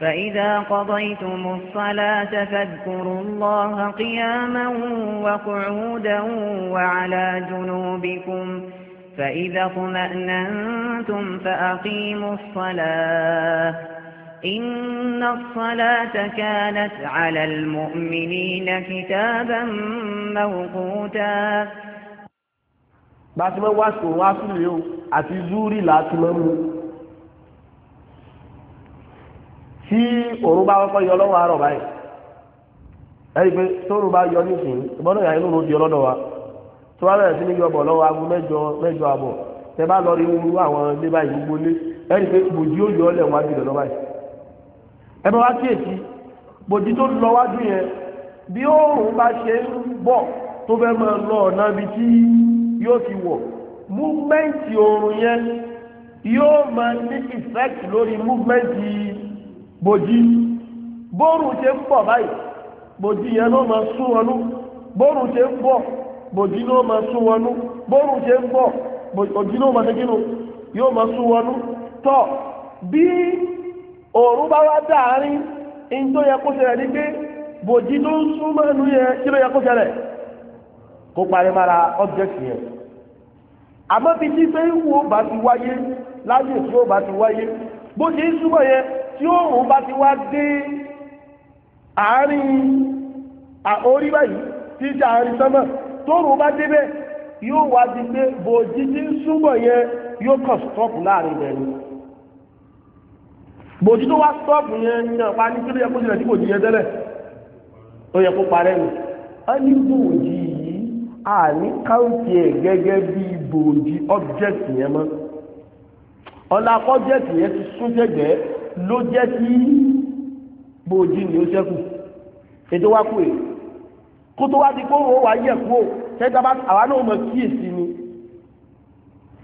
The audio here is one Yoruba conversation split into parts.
فإذا قضيتم الصلاة فاذكروا الله قياما وقعودا وعلى جنوبكم فإذا اطمأننتم فأقيموا الصلاة إن الصلاة كانت على المؤمنين كتابا موقوتا باسم واسم واسم اليوم أتي زوري لاتمامو tí òru bá kọ́kọ́ yọ lọ́wọ́ àárọ̀ báyìí ẹ̀rí pé tóru bá yọ nísìnyí ìbọ́dọ̀ yà inú ròdì ọlọ́dọ̀ wa tó bá bẹ̀rẹ̀ sí ní yọbọ̀ lọ́wọ́ aago mẹ́jọ mẹ́jọ àbọ̀ tẹ bá lọ rí wúru àwọn ilé báyìí gbogbo lé ẹ̀rí pé bòjì ó yọ ọlẹ̀ wájú lọ́dọ̀ báyìí ẹ bá wá kíyèsí bòjì tó lọ wájú yẹn bí oòrùn bá ṣe ń bọ̀ tó fẹ́ máa lọ ọ̀nà ibi tí yóò ti wọ̀ múfẹ́ǹtì oòrùn yẹn yóò máa ní ìfẹ́ẹ̀tì bòjì bóòrùn ṣe ń báyìí bòjì yẹn ló máa sún wọnú ń bòjì ló sún wọnú ń bòjì ló yóò sún wọnú tọ́ bí òòrùn bá wá dáàárín in tó yẹ kó ṣẹlẹ̀ ní pé bòjì ló ń kí ló yẹ kó ṣẹlẹ̀ mara object yẹn àmọ́ bí tí wo bá ti wáyé láyé tí ó bá bó ṣe ń súnmọ́ yẹ tí oòrùn bá ti wá dé àárín àórí báyìí tí í ṣe àárín sánmọ̀ tóòrùn bá débẹ̀ yóò wá di pé bòjì tí ń súnmọ́ yóò kàn stop láàrin bẹ̀rù bòjì tó wá stop yẹn ní ọ̀pá ní kí ló yẹ tí ọ̀la pọ́jẹ́tì yẹn ti sún jẹ́jẹ́ ló jẹ́ kí gbòòjì ni ó ṣẹ́kù ètò wa kú èyí kó tó wá di kó wọ́n wá yẹ̀ kú ò tẹ́tà bá àwa náà mọ̀ kíyèsí ni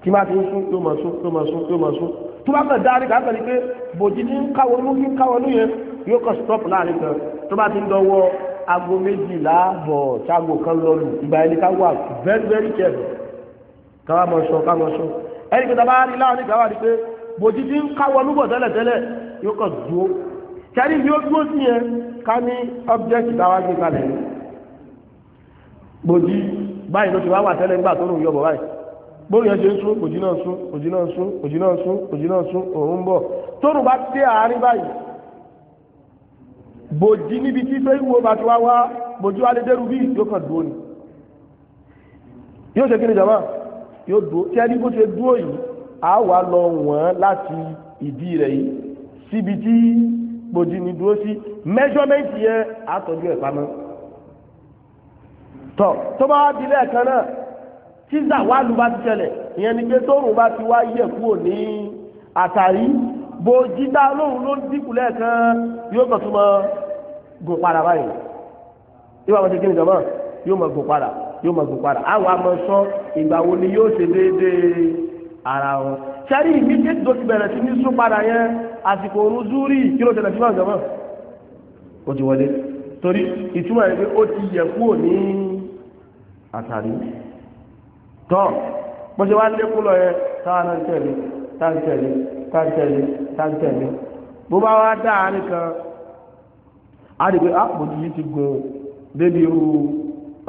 kí máa ti ń sún yóò mọ̀ sún yóò mọ̀ sún yóò mọ̀ sún tó bá kàn dárí kàá kàní pé bòjì ní káwọn ló ń káwọn ló yóò kàn stop láàrin kan tó bá ti ń dọwọ́ aago méjìlá bọ̀ ṣáàgò kan lọ lù ìgbà ẹni ká wà very very careful káwá mọ̀ sọ ká mọ̀ sọ ẹni pé tàbá rí láàrin ìgbà wà ní pé bòjì tí ń káwọ lúbọ̀ tẹ́lẹ̀tẹ́lẹ̀ yóò kàn dúó kẹ́rí bí ó dúó sí yẹn ká ní ọ́bjẹ́kì tàwa gbé kalẹ̀ bòjì báyìí ló ti wá wà tẹ́lẹ̀ nígbà tó rùn yọbọ̀ báyìí bóyá ṣe ń sún òjì náà sún òjì náà sún òjì náà sún òjì náà sún òun ń bọ̀ tóòrùn bá dé àárín báyìí bòjì níbi tí fẹ́ wo bá ti wá wá bòjì wá lè dẹ́rù bí yóò kàn dúó ni yóò ṣe kí ni jàmáà yóò dúró tí ẹni bó ṣe dúró yìí á wà lọ wọ̀n láti ìdí rẹ̀ yìí síbi tí gbòdìní dúró sí measurement yẹn àtọ́jú ẹ̀ pamọ́ tọ́ tó bá wá di lẹ́ẹ̀kan náà tí zàwálù bá ti ṣẹlẹ̀ ìyẹn ni pé tóòrùn bá ti wá yẹ̀ kúrò ní àtàrí bòjìdá lóhùn ló ń dínkù lẹ́ẹ̀kan yóò kàn tó mọ gùn padà báyìí yóò máa ṣe kí ni jọmọ yóò máa gùn padà. yóò mọ̀ padà àwọn àmọ́ sọ ìgbà wo ni yóò ṣe déédéé ara wọn. sẹ́rí ìmídéètì tó ti bẹ̀rẹ̀ sí ní sún padà yẹn àsìkò òru zúrì kí ló tẹ̀lé sí ó ti wọlé torí ìtumọ̀ ẹ̀ pé ó ti yẹ kúrò ní àtàrí tọ́ bó ṣe wá lékún lọ yẹn náà ń tẹ̀lé ń tẹ̀lé ń tẹ̀lé ń tẹ̀lé bó bá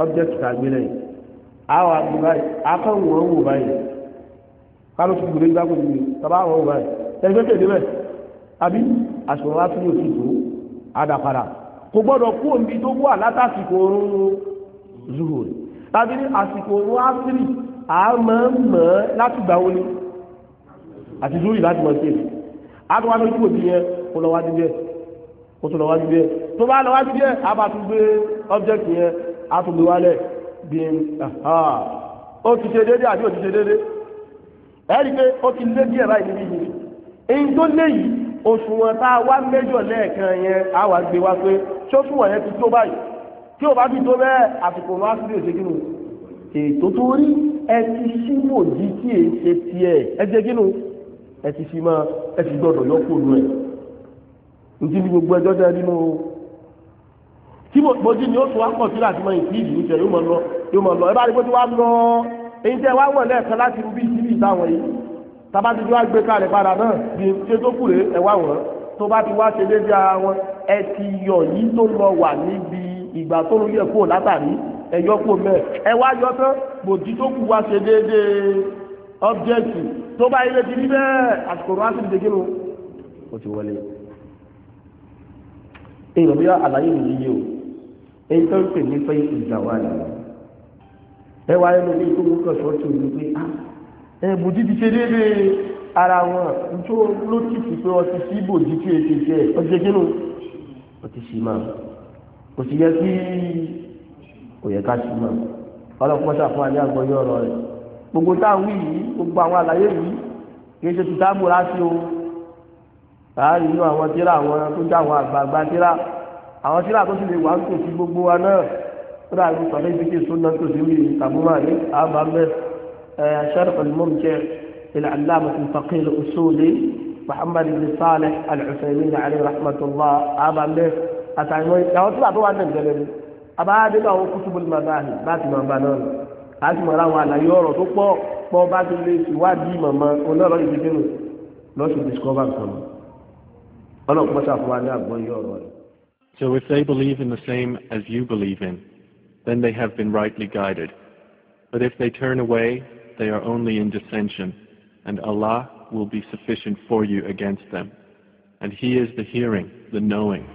object tàgbé lẹ́yìn àwọn àgbè báyìí akọ̀wé wọn wò báyìí kálọ̀ tó gbèrè gbàgbọ́ mi tọ́ba àwọn wò báyìí tẹ̀gbẹ́ tẹ̀lé bẹ́ẹ̀ àbí àṣùwọ̀n wá sí òsì tó àdàpadà kò gbọ́dọ̀ kú òmbi tó wà látàsìkò oorun zuhuri tàbí ní àsìkò oorun asiri àmọ́ mọ́ láti gbà wọlé àti zuhuri láti mọ̀ sí èdè àtúwá lójú òbí yẹn kó lọ wájú bẹ́ẹ̀ kó tó lọ wájú bẹ́ẹ̀ tó bá lọ wájú bẹ́ẹ̀ a bá tún gbé ọ́bjẹ́kì yẹn àtùgbéwálẹ̀ bí i o ti ṣe dédé àbí o ti ṣe dédé ẹ̀rí pé ó ti lé díẹ̀ báyìí níbi yìí in tó lé yìí òṣùwọ̀n tá a wá mẹ́jọ lẹ́ẹ̀kan yẹn á wà gbé wá pé ṣóṣùwọ̀n yẹn ti tó báyìí tí ò bá fi tó bẹ́ẹ̀ àsìkò máa fi lè kínú ètò tó rí ẹ ti ṣí mò jí tí èé ṣe tiẹ̀ ẹ ṣe kínú ẹ ti fi máa ẹ ti gbọ́dọ̀ yọkùnrin ẹ̀ ní ti fi gbogbo ẹjọ́ tẹ́ nínú tí mojú ni ó tún wá pọ̀ sí láti mọ ìpín ìlú jẹ yóò mọ lọ yóò mọ lọ ẹ bá rí pé tí wàá lọ èyí tẹ wá wọ̀ lẹ́ẹ̀kan láti rú bí síbí ìtàwọn yìí tabati tí wàá gbé kalẹ̀ padà náà bí ṣe tó kù rèé ẹ wá wọ̀ tó bá ti wá ṣe déédéé ara wọn ẹ ti yọ yìí tó lọ wà níbi ìgbà tó ń yẹ kúrò látàrí ẹ yọ kúrò mẹ́ẹ̀ ẹ wá yọ tán mojú tó kù wá ṣe déédéé ọ́bjẹ́tì tó bá ilé ti rí bẹ́ẹ̀ àsìkò rán sí ìdíkínú ó èèyàn bí àlàyé mi yíyé o èyí tó ń pè ní pé ìjàwá ni ẹ wá ẹnu ní ìkókó kan sọ́ọ́tì òní pé ah, ẹ bòdì ti ṣe déédéé ara wọn tó ló ti fi pé ọtí sí bòdì tí èsì jẹ ọtí kínú ọtí sì máa kò sì yẹ kí òyẹ ká sì máa ọlọ́pàá ṣàfihàn àlẹ́ àgbọ̀yé ọ̀rọ̀ rẹ̀ gbogbo táwọn wí yìí gbogbo àwọn àlàyé yìí kì í ṣe tuntun àmúra sí o láàrin inú àwọn tíra àwọn tó jẹ́ àwọn àgbààgbà tíra àwọn tíra tó sì lè wà ń tò sí gbogbo wa náà tíra ìlú sọ̀rọ̀ ibi tí èso náà tó sì rí ìtàbùmá ní àbámẹ́ ṣẹ́rẹ̀ pẹ̀lúmọ́m jẹ́ ilẹ̀ aláàmù ìfàkìl òṣòlè Muhammad ibn Salih al-Uthaymin alayhi rahmatullah àbámẹ́ àtàwọn àwọn tíra tó wà náà gẹ́lẹ́ ni àbáyádé náà wọ́n kutubul madahib láti máa bá ọ̀rọ̀ rẹ̀ So if they believe in the same as you believe in, then they have been rightly guided. But if they turn away, they are only in dissension, and Allah will be sufficient for you against them. And He is the hearing, the knowing.